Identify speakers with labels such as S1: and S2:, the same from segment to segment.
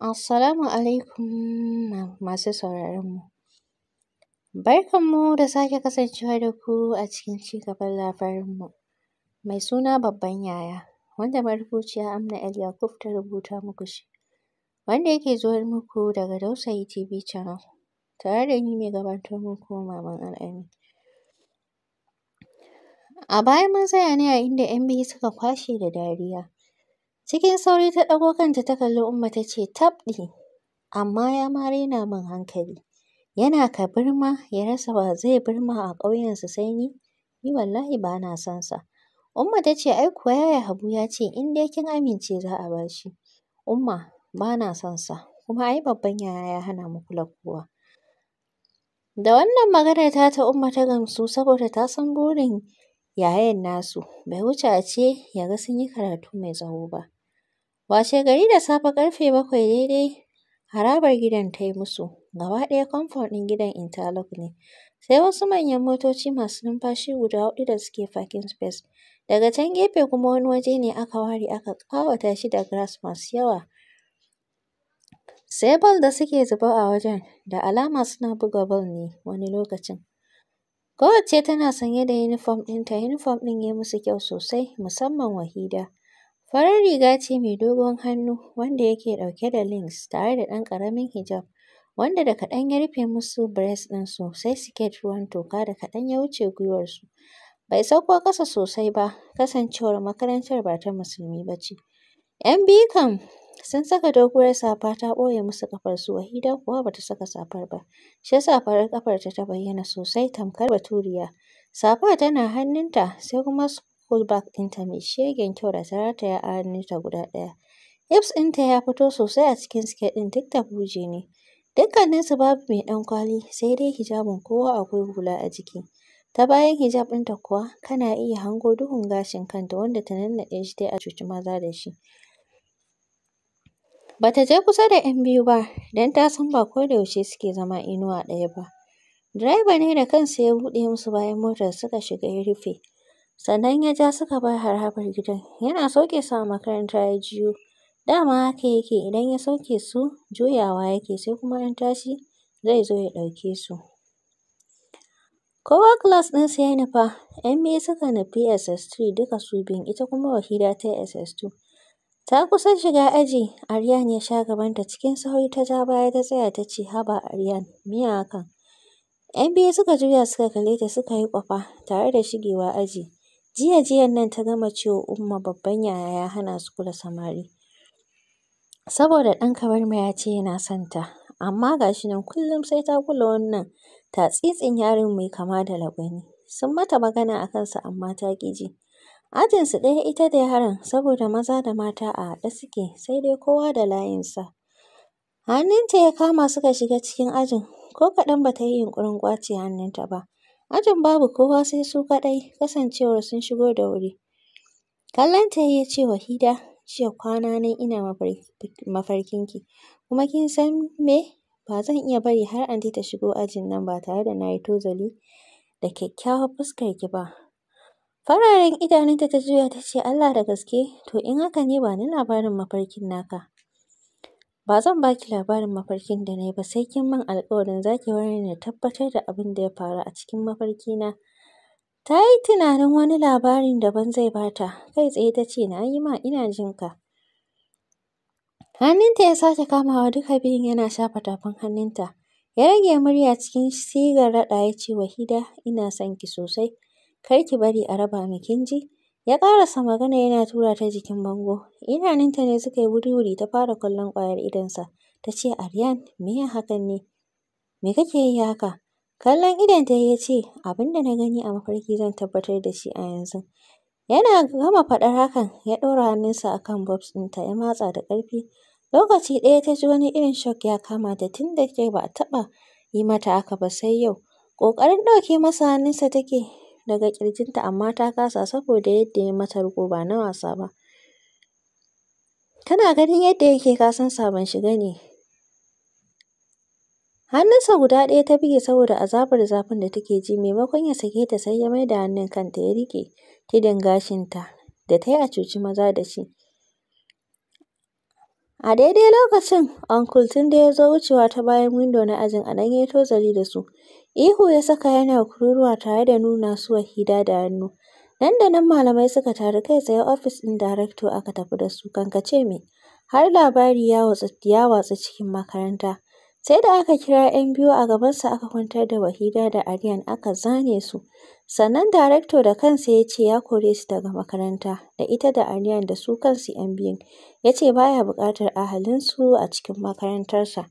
S1: Assalamu alaikum masu sauraronmu barkanmu da sake kasancewa da ku a cikin cigaban gaban labarinmu. Mai suna babban yaya wanda marubuciya Amna El Yakub ta rubuta muku shi. Wanda yake zuwar muku daga Dausayi TV Channel. Tare da ni mai gabatar muku Maman Al'amin. A baya mun tsaya ne a inda ‘yan biyu suka kwashe da dariya. Cikin sauri ta ɗago kanta ta kalli Umma ta ce tabɗi, amma ya ma raina min hankali. Yana ka birma ya rasa ba zai birma a ƙauyensu sai ni, ni wallahi ba na son sa. Umma ta ce ai kuwa yaya Habu ya ce in dai kin amince za a ba shi. Umma ba na son sa, kuma ai babban yaya ya hana mu kula kowa. Da wannan maganar ta Umma ta gamsu saboda ta san burin yayan nasu bai wuce a ce ya ga sun yi karatu mai tsawo ba. Washe gari da safe karfe bakwai daidai harabar gidan ta yi musu. Gaba ɗaya kwamfan ɗin gidan interlock ne, sai wasu manyan motoci masu numfashi guda huɗu da suke parking space. Daga can gefe kuma wani waje ne aka ware aka ƙawata shi da grass masu yawa. Sai ball da suke zuba a wajen, da alama suna buga ball ne wani lokacin. Kowacce tana sanye da yunifom ɗinta, yunifom ɗin ya musu kyau sosai, musamman Wahida. Farar riga ce mai dogon hannu wanda yake ɗauke da links tare da ɗan ƙaramin hijab wanda da kaɗan ya rufe musu bires ɗinsu sai siket ruwan toka da kaɗan ya wuce gwiwarsu. Bai sauko ƙasa sosai ba kasancewar makarantar ba ta musulmi ba ce. ‘Yan biyu kam sun saka doguwar safa ta ɓoye musu ƙafarsu Wahida kuwa ba ta saka safar ba, shi ya sa farar ƙafarta ta bayyana sosai tamkar baturiya. Safar tana hannunta sai kuma fullback ɗinta mai shegen kyau da ta rataya a hannunta guda ɗaya. Hips ɗinta ya fito sosai a cikin skirt ɗin duk da buje ne. Dukkaninsu babu mai kwali sai dai hijabin kowa akwai hula a jiki. Ta bayan hijab ɗinta kuwa kana iya hango duhun gashin kanta wanda ta nannaɗe shi dai a cuci maza da shi. Ba ta je kusa da ‘yan biyu ba don ta san ba ko da yaushe suke zama inuwa ɗaya ba. Direba ne da kansa ya buɗe musu bayan motar suka shiga ya rufe. sannan ya ja suka bar harabar gidan yana sauke su a makaranta ya jiyo dama haka yake idan ya sauke su juyawa yake sai kuma in tashi zai zo ya ɗauke su kowa class ɗin sa ya nufa yan biyu suka nufi SS3 duka su biyun ita kuma Wahida ta yi SS2 ta kusan shiga aji Aryan ya sha gaban ta, cikin sauri ta ja baya ta tsaya ta ce haba Aryan miya hakan yan biyu suka juya suka kalle ta suka yi kwafa tare da shigewa aji Jiya jiyan nan ta gama cewa Umma babban yaya ya hana su kula samari. Saboda ɗan kabarma ya ce yana son ta. Amma ga shi nan kullum sai ta kula wannan tatsitsin yarin mai kama da lagwani. Sun mata magana a kansa amma ta ƙi ji. Ajinsu ɗaya ita da yaron saboda maza da mata a haɗe suke sai dai kowa da layinsa. Hannunta ya kama suka shiga cikin ajin ko kaɗan ba ta yi yunƙurin ƙwace hannunta ba. Ajin babu kowa sai su kaɗai kasancewar sun shigo da wuri. Kallon ta ya ce wa Hida, jiya kwana ne ina mafarkinki, kuma kin san me? Ba zan iya bari har anti ta shigo ajin nan ba tare da na yi tozali da kyakkyawar fuskarki ba. Fararen idanunta ta juya ta ce Allah da gaske, to in haka ne ba ni labarin mafarkin naka. Ba zan ba ki labarin mafarkin da na yi ba sai kin min alƙawarin za ki ware ni na tabbatar da abin da ya faru a cikin na. Ta yi tunanin wani labarin da ban zai ba ta, kai tsaye ta ce na yi ma ina jin ka. Hannunta ya sake kamawa duka biyun yana shafa tafin hannunta. Ya rage murya cikin sigar raɗa ya ce Wahida ina son ki sosai, kar ki bari a raba mu kin ji? Ya ƙarasa magana yana tura ta jikin bango. Idanunta ne suka yi wuri-wuri ta fara kallon ƙwayar idonsa. Ta ce, Aryan, me ya hakan ne? Me kake yi haka? Kallon idonta ya ce, abin da na gani a mafarki zan tabbatar da shi a yanzu. Yana gama faɗar hakan, ya ɗora hannunsa a kan bobs ɗinta ya matsa da ƙarfi. Lokaci ɗaya ta ji wani irin shock ya kama ta tun da ke ba a taɓa yi mata haka ba sai yau. Ƙoƙarin ɗauke masa hannunsa take daga ƙirjinta amma ta kasa saboda yadda ya mata riƙo ba na wasa ba. Kana ganin yadda yake ka san sabon shiga ne. Hannunsa guda ɗaya ta buge saboda azabar zafin da take ji maimakon ya sake ta sai ya maida hannun kanta ya riƙe tudun gashinta da ta yi a cuci maza da shi. A daidai lokacin Uncle Tunde ya zo wucewa ta bayan windo na ajin a nan ya tozali da su. Ihu ya saka yana kururuwa tare da nuna su Wahida da hannu. Nan da nan malamai suka taru kai tsaye ofis ɗin darakto aka tafi da su kankace me. Har labari ya watsu cikin makaranta. Sai da aka kira 'yan biyu a gabansa aka kwantar da Wahida da Aryan aka zane su. Sannan darakto da kansa ya ce ya kore su daga makaranta da ita da Aryan da su kansu 'yan biyun. Ya ce ba ya buƙatar ahalinsu a cikin makarantarsa.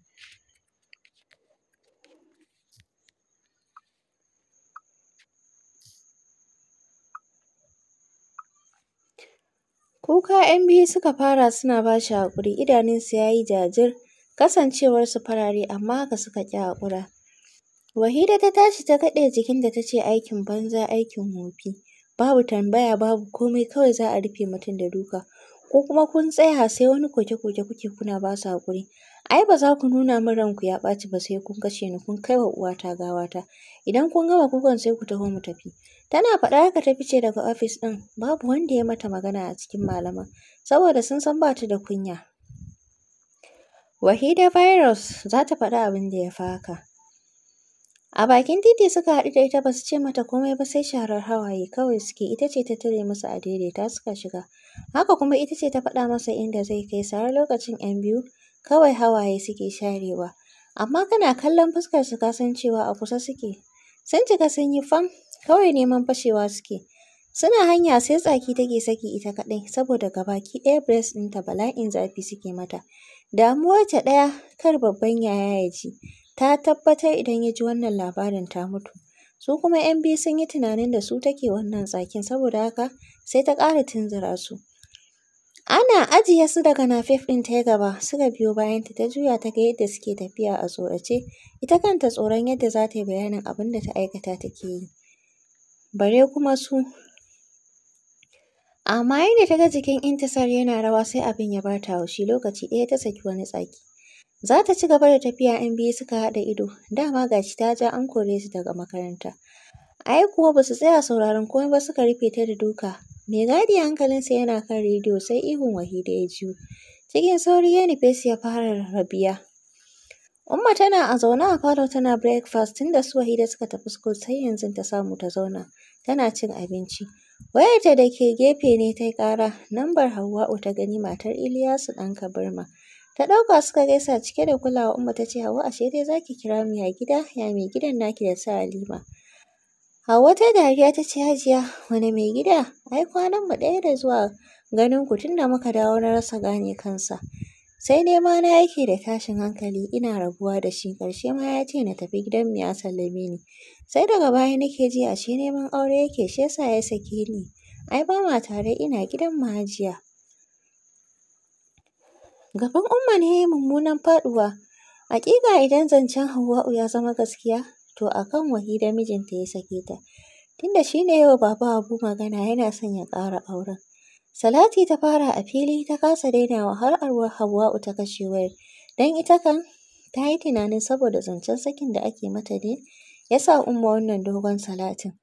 S1: Kuka ‘yan biyu suka fara suna ba shi haƙuri, idanunsu ya yi jajir, kasancewarsu farare amma haka suka ƙi haƙura. Wahida ta tashi ta kaɗe jikinta ta ce aikin banza aikin wofi. Babu tambaya babu komai kawai za a rufe mutum da duka. Ko kuma kun tsaya sai wani koke-koke kuke kuna ba su haƙuri. ai ba za ku nuna min ranku ya ɓaci ba sai kun kashe ni kun kai wa uwata ta, idan kun gama kukan sai ku taho mu tafi tana faɗa haka ta fice daga ofis ɗin babu wanda ya mata magana a cikin malaman saboda sun san ba ta da kunya wahida virus za ta faɗi abin da ya faka. haka A bakin titi suka haɗu da ita ba su ce mata komai ba sai sharar hawaye kawai suke ita ce ta tare musu a daidaita suka shiga. Haka kuma ita ce ta faɗa masa inda zai kai sara lokacin ‘yan biyu kawai hawaye suke sharewa. Amma kana kallon fuskar ka san cewa a kusa suke. Sun cika sun yi fam, kawai neman fashewa suke. Suna hanya sai tsaki take saki ita kaɗai saboda gabaki ɗaya breast ɗinta bala'in zafi suke mata. ta ɗaya kar babban yaya ya ji. Ta tabbatar idan ya ji wannan labarin ta mutu. Su kuma 'yan biyu sun yi tunanin da su take wannan tsakin saboda haka sai ta ƙara tunzura su. Ana ajiye su daga Nafef ɗin ta yi gaba, suka biyo bayanta ta juya ta ga yadda suke tafiya a tsorace, ita kanta tsoron yadda za ta yi bayanin abin da ta aikata take yi. Bare kuma su. Amma yadda ta ga jikin intasar yana rawa sai abin ya bata ta haushi, lokaci ɗaya ta saki wani tsaki. Za ta ci gaba da tafiya in biyu suka haɗa ido, dama ga shi ta ja an kore su daga makaranta. Ai kuwa ba su tsaya sauraron komai ba suka rufe ta da duka. Mai gadi hankalinsa yana kan rediyo sai ihun Wahida ya ji. Cikin sauri ya nufe su ya fara Rabiya. Umma tana a zaune a falo tana breakfast tun da su Wahida suka tafi school sai yanzu ta samu ta zauna tana cin abinci. Wayarta da ke gefe ne ta kara ƙara, lambar Hauwa'u ta gani matar Iliyasu ɗan Kabirma. Ta ɗauka suka gaisa cike da kulawa Umma ta ce Hauwa ashe dai za ki kira mu ya gida, ya mai gidan naki da su Halima. Hauwa ta dariya ta ce Hajiya, wani mai gida, ai mu ɗaya da zuwa ganin ku tunda muka dawo na rasa gane kansa. Sai dai ma na yake da tashin hankali ina rabuwa da shi ƙarshe ma ya ce na tafi gidan mu ya sallame ni. Sai daga baya nake ji a shi neman aure yake shi yasa ya saki ni. Ai ba ma tare ina gidan mu Hajiya. Gaban Umma ne ya yi mummunan faɗuwa. Haƙiƙa idan zancen Hauwa'u ya zama gaskiya, to a kan Wahida mijinta ya sake ta. Tunda shi ne yau Baba Habu magana yana son ya ƙara auren. Salati ta fara a fili ta kasa dainawa har arwa Hawwa'u ta kashe wayar. dan ita kan ta yi tunanin saboda zancen sakin da ake mata ne ya sa Umma wannan dogon salatin.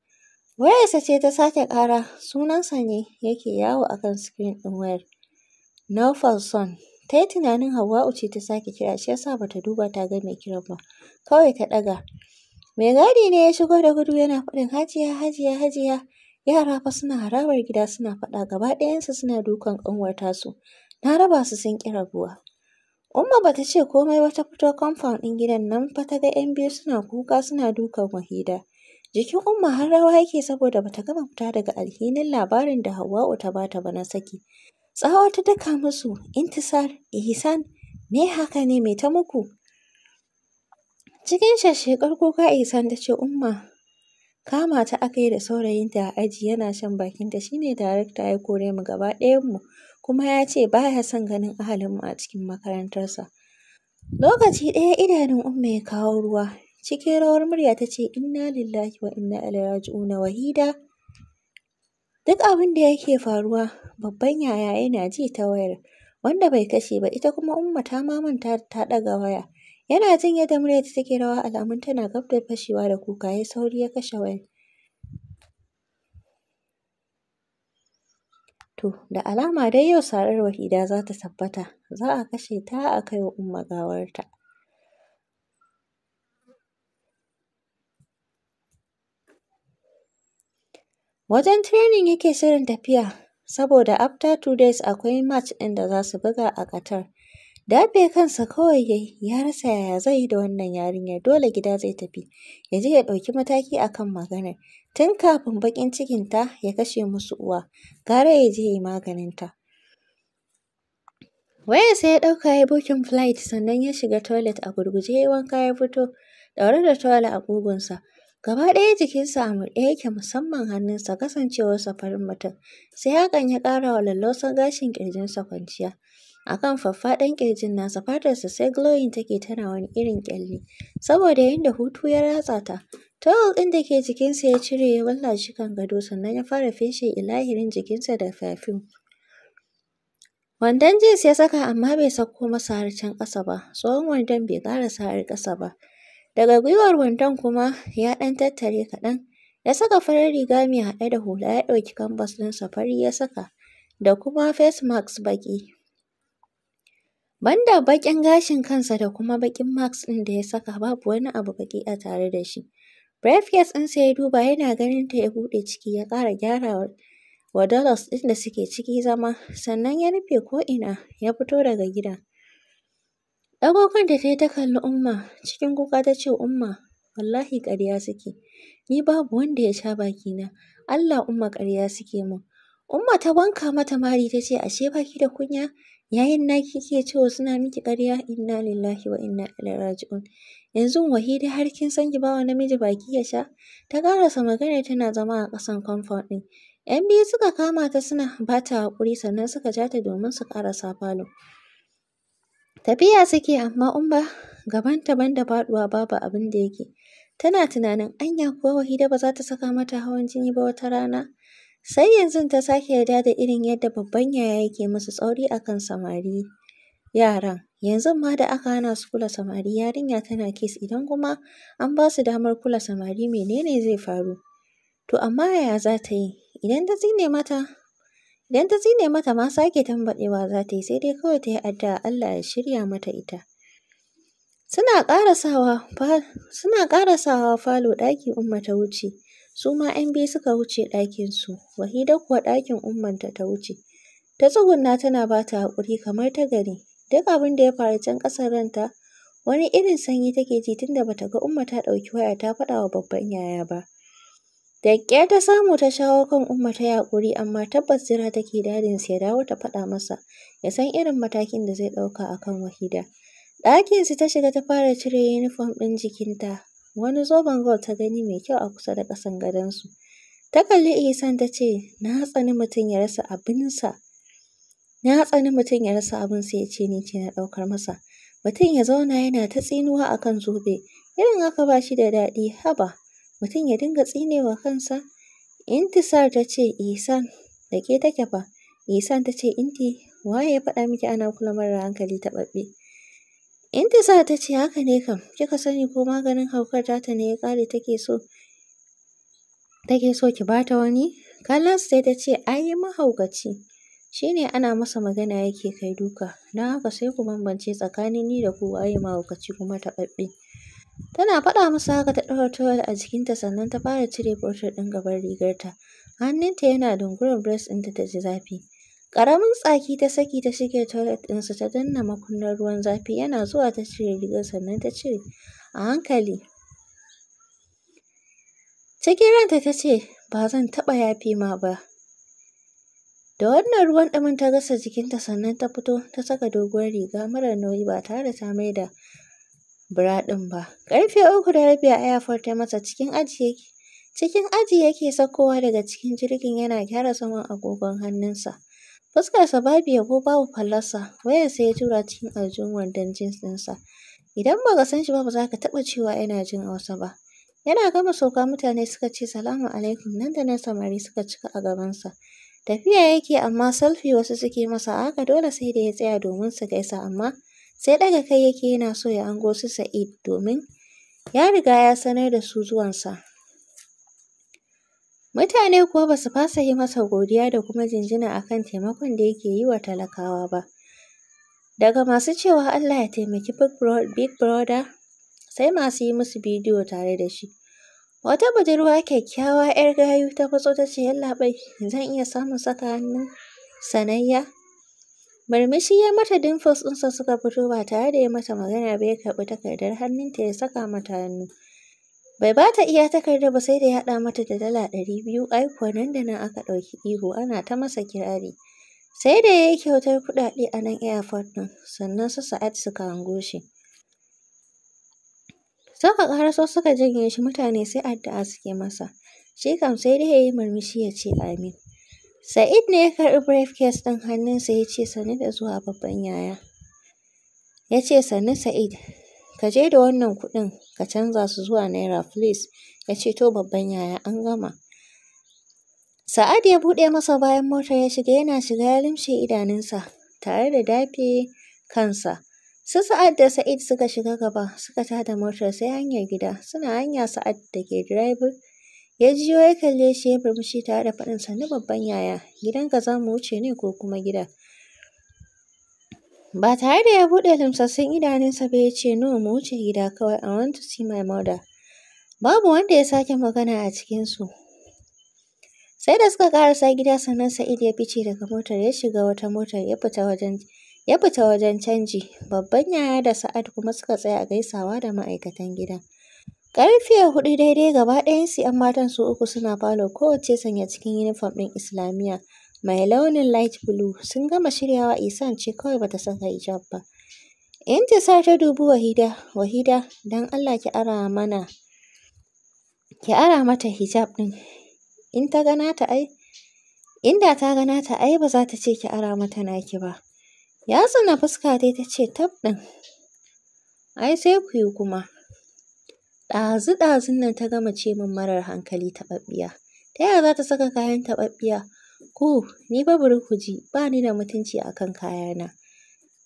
S1: Wayarsa ce ta sake ƙara sunansa ne yake yawo a kan sikirin ɗin wayar. Nelson ta yi tunanin Hawwa'u ce ta sake kira shi ya sa ba ta duba ta ga mai kiran ba, kawai ta ɗaga. Mai gadi ne ya shigo da gudu yana faɗin hajiya hajiya hajiya. Yara fa suna harabar gida suna faɗa gaba ɗayansu suna dukan ƙanwar tasu. Na raba su sun ƙi rabuwa. Umma bata ce komai ba ta fito compound ɗin gidan nan fa ta ga ‘yan biyu suna kuka suna dukan Wahida. Jikin Umma har rawa yake saboda bata gama fita daga alhinin labarin da Hauwa'u ta bata ba na saki. Tsawa ta daka musu, Intisar, Ihsan, me haka ne me ta muku? Cikin shashshekar kuka isan ta ce, Umma, kama ta aka yi da saurayinta a aji yana shan bakinta shi ne darekta ya kore mu gaba ɗayanmu kuma ya ce ba ya son ganin ahalinmu a cikin makarantarsa. Lokaci ɗaya idanun Umma ya kawo ruwa, cikin rawar murya ta ce, "Ina lillahi wa inna ilaihi raji'una wahida. Duk abin da yake faruwa, babban yaya yana ji ta wayar, wanda bai kashe ba, ita kuma Umma ta ma manta ta ɗaga waya. Yana jin yadda ta take rawa alamun tana gab da fashewa da kuka ya sauri ya kashe wayar. To da alama dai yau sarar Wahida za ta tabbata, za a kashe ta a kai wa Umma gawarta. Wajen training yake shirin tafiya saboda after two days akwai match ɗin da za su buga a Qatar. Dafe kansa kawai ya ya rasa yaya zai yi da wannan yarinyar, dole gida zai tafi, ya je ya ɗauki mataki a kan maganar. Tun kafin baƙin cikin ta ya kashe musu uwa, gara ya je ya yi maganinta. sai ya ɗauka ya yi bukin flight sannan ya shiga toilet a gurguje ya yi wanka ya fito, ɗaure da tawul a ƙugunsa. Gaba ɗaya jikinsa a murɗe yake musamman hannunsa kasancewarsa farin mutum, sai hakan ya ƙara wa lallausan gashin ƙirjinsa kwanciya. Akan faffaɗan ƙirjin nasa fatarsa sai glowing take tana wani irin ƙyalli saboda yadda hutu ya ratsa ta. Towel ɗin da ke jikinsa ya cire ya walla shi kan gado sannan ya fara feshe ilahirin jikinsa da perfume. Wandon jeans ya saka amma bai sauko masa har can ƙasa ba, tsohon wandon bai ƙarasa har ƙasa ba. Daga gwiwar wandon kuma ya ɗan tattare kaɗan. Ya saka farar riga mai haɗe da hula ya ɗauki ɗin ɗinsa fari ya saka da kuma face mask baƙi. Banda baƙin gashin kansa da kuma baƙin Max ɗin da ya saka babu wani abu baki a tare da shi. Briefcase sai ya duba yana ganin ta ya buɗe ciki ya ƙara gyara wa dollars ɗin da suke ciki zama sannan ya rufe ko ina ya fito daga gida. dagogon da ta yi ta kalli Umma cikin kuka ta ce Umma wallahi ƙarya suke, ni babu wanda ya sha bakina, Allah Umma karya suke mun. Umma ta wanka mata mari ta ce ashe baki da kunya yayin na kike cewa suna miki ƙarya inna lillahi wa inna ilaihi raji'un. Yanzu wahida har kin san ki bawa namiji baki ya sha? Ta karasa magana tana zama a ƙasan comfort ɗin. ‘Yan biyu suka kama ta suna bata hakuri sannan suka ja ta domin su karasa falo. Tafiya suke amma Umma ta banda faduwa babu abin da yake. Tana tunanin anya kuwa Wahida ba za ta saka mata hawan jini ba wata rana. Sai yanzu ta sake yarda da irin yadda babban yaya yake musu tsauri a kan samari yaran. Yanzu ma da aka hana su kula samari yarinya tana kes idan kuma an ba su damar kula samari menene zai faru? To amma yaya za ta yi? Idan ta tsine mata Idan mata ma sake tambaɗewa za ta yi sai dai kawai ta yi addu'a Allah ya shirya mata ita. Suna ƙara sawa falo ɗaki Umma ta wuce. Su ma 'yan biyu suka wuce ɗakinsu, Wahida kuwa ɗakin Ummanta ta wuce. Ta tsugunna tana ba ta haƙuri kamar ta gari. Duk abin da ya faru can ƙasan ranta wani irin sanyi take ji tunda ba ta ga Umma ta ɗauki waya ta faɗa wa babban yaya ba. Da ƙyar ta samu ta shawo kan Umma ta yi amma tabbas jira take dadinsu ya dawo ta faɗa masa ya san irin matakin da zai ɗauka a kan Wahida. Ɗakinsu ta shiga ta fara cire yunifom ɗin jikinta wani zoben gold ta gani mai kyau a kusa da ƙasan gadonsu. Ta kalli Ihsan ta ce, na tsani mutum ya rasa abinsa. Na tsani mutum ya rasa abin sai ya ce ni ce na ɗaukar masa. Mutum ya zauna yana ta tsinuwa a kan zobe, irin haka ba shi da daɗi haba. Mutum ya dinga tsinewa kansa. Intisar ta ce, Ihsan, da ke take fa. Ihsan ta ce, Inti, waye ya faɗa miki ana kula mara hankali taɓaɓɓe? In ta ce haka ne kam, kika sani ko maganin haukar tata ne ya ƙare take so take so ki bata wani? Kallan sai ta ce ai mahaukaci. Shi ne ana masa magana yake kai duka, na haka sai ku bambance tsakanin ni da ku waye mahaukaci kuma ta babbe. Tana faɗa masa haka ta ɗawar towel a jikin ta sannan ta fara cire portrait ɗin gaban rigarta. Hannunta yana dungurar breast ɗinta ta ji zafi. Ƙaramin tsaki ta saki ta shige toilet ɗinsu ta danna makunnar ruwan zafi yana zuwa ta cire rigar sannan ta cire a hankali. Cikin ranta ta ce ba zan taɓa yafe ma ba. Da wannan ruwan ɗumin ta gasa jikinta sannan ta fito ta saka doguwar riga mara nauyi ba tare da ta maida bra ɗin ba. Ƙarfe uku da rabi a airport ta masa cikin aji yake cikin aji yake saukowa daga cikin jirgin yana gyara saman agogon hannunsa. Fuskarsa babu yabo babu fallasa, wayarsa ya tura cikin aljihun wandon jeans ɗinsa. Idan ba ka san shi ba ba za ka taɓa cewa yana jin Hausa ba. Yana gama sauka mutane suka ce salamu alaikum nan da nan samari suka cika a gabansa. Tafiya yake amma selfie wasu suke masa a haka dole sai da ya tsaya domin su gaisa amma sai daga kai yake yana so ya ango su Sa'id domin ya riga ya sanar da su zuwansa. Mutane kuwa ba su fasa yi masa godiya da kuma jinjina a kan taimakon da yake yi wa talakawa ba. Daga masu cewa Allah ya taimaki Big Brother, sai masu yi musu bidiyo tare da shi. Wata budurwa kyakkyawa 'yar gayu ta fatso ta ce, Yallaɓai, zan iya samun saka hannun sanayya? Murmushi ya mata dimples ɗinsa suka fito ba tare da ya mata magana ba ya karɓi takardar hannunta ya saka mata hannu. Bai ba ta iya takardar ba sai da ya haɗa mata da dala ɗari biyu, ai nan da nan aka ɗauki ihu ana ta masa kirari. Sai da ya yi kyautar kuɗaɗe a nan airport ɗin, sannan su Sa'ad suka hango shi. Suka ƙaraso suka janye shi mutane sai addu'a suke masa. Shi kam sai dai ya yi murmushi ya ce amin. Sa'id ne ya karɓi briefcase ɗin hannunsa ya ce sannu da zuwa babban yaya. Ya ce sannu Sa'id. Ka je da wannan kuɗin ka canza su zuwa naira please. Ya ce to babban yaya an gama. Sa'ad ya buɗe masa bayan motar ya shiga yana shiga ya limshe idanunsa tare da dafe kansa. Su Sa'ad da Sa'id suka shiga gaba suka tada motar sai hanyar gida. Suna hanya Sa'ad da ke direbur ya jiyo ya kalle shi ya murmushi tare da faɗinsa ni babban yaya gidanka za mu wuce ne ko kuma gida? Ba tare da ya buɗe limsassun idanunsa ba ya ce, No, mu wuce gida kawai, I want to see my mother. Babu wanda ya sake magana a cikinsu. Sai da suka ƙarasa gida sannan Sa'id ya fice daga motar ya shiga wata motar ya fita wajen canji. Babban yaya da Sa'ad kuma suka tsaya a gaisawa da ma'aikatan gida. Ƙarfe huɗu daidai gaba ɗayansu ‘yan matan su uku suna falo kowacce sanya cikin yunifom ɗin Islamiyya. mai launin light blue sun gama shiryawa Ihsan ce kawai bata saka hijab ba. Intisar ta dubi Wahida, Wahida don Allah ki ara mana ki ara mata hijab din. In ta gana ta ai inda ta gana ta ai ba za ta ce ki ara mata naki ba. Ya tsina fuska dai ta ce tab din Ai sai ku yi kuma. Ɗazu-ɗazun nan ta gama ce min marar hankali taɓaɓɓiya. Ta yaya za ta saka kayan taɓaɓɓiya? Ku, ni ba bari ku ji, ba ni da mutunci a kan kayana.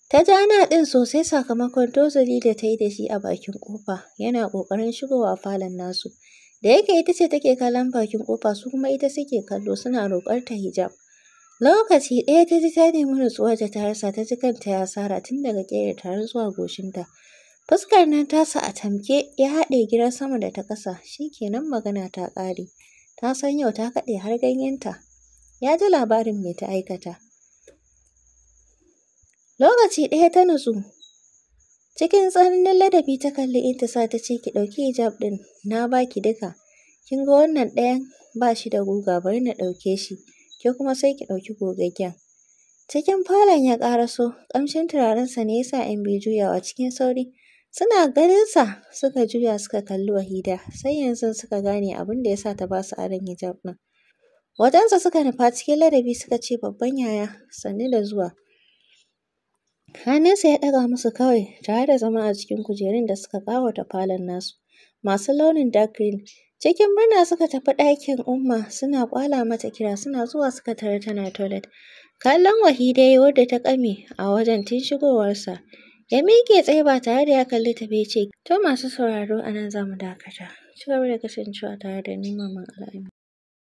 S1: Ta ja ana ɗin sosai sakamakon tozali da ta yi da shi a bakin ƙofa, yana ƙoƙarin shigowa falon nasu. Da yake ita ce take kallon bakin ƙofa su kuma ita suke kallo suna roƙar ta hijab. Lokaci ɗaya ta ji ta nemi nutsuwa da ta rasa ta ji kanta ya sara tun daga ta taron zuwa goshinta. Fuskar nan tasa a tamke ya haɗe gidan sama da ta ƙasa, shi kenan magana ta ƙare. Ta san yau ta kaɗe har ganyenta. ya ji labarin mai ta aikata. Lokaci ɗaya ta nutsu, cikin tsananin ladabi ta kalli sa ta ce ki ɗauki hijab ɗin na baki duka, kin ga wannan ɗayan ba shi da guga bari na ɗauke shi, ke kuma sai ki ɗauki gogaggen. Cikin falon ya ƙaraso, ƙamshin turarensa ne ya sa ‘yan biyu juyawa cikin sauri. Suna ganinsa suka juya suka kalli Wahida, sai yanzu suka gane abin da ya sa ta ba su aron hijab ɗin. Wajensa suka nufa cikin ladabi suka ce babban yaya sannu da zuwa. Hannunsa ya ɗaga musu kawai tare da zama a cikin kujerun da suka ƙawata falon nasu masu launin dark green. Cikin murna suka tafi ɗakin Umma suna ƙwala mata kira suna zuwa suka tarar tana toilet. Kallon ya yi wadda ta ƙame a wajen tun shigowarsa. Ya miƙe tsaye ba tare da ya kalli ta ba ce, to masu sauraro a nan za mu dakata. Ci gaba da kasancewa tare da ni Maman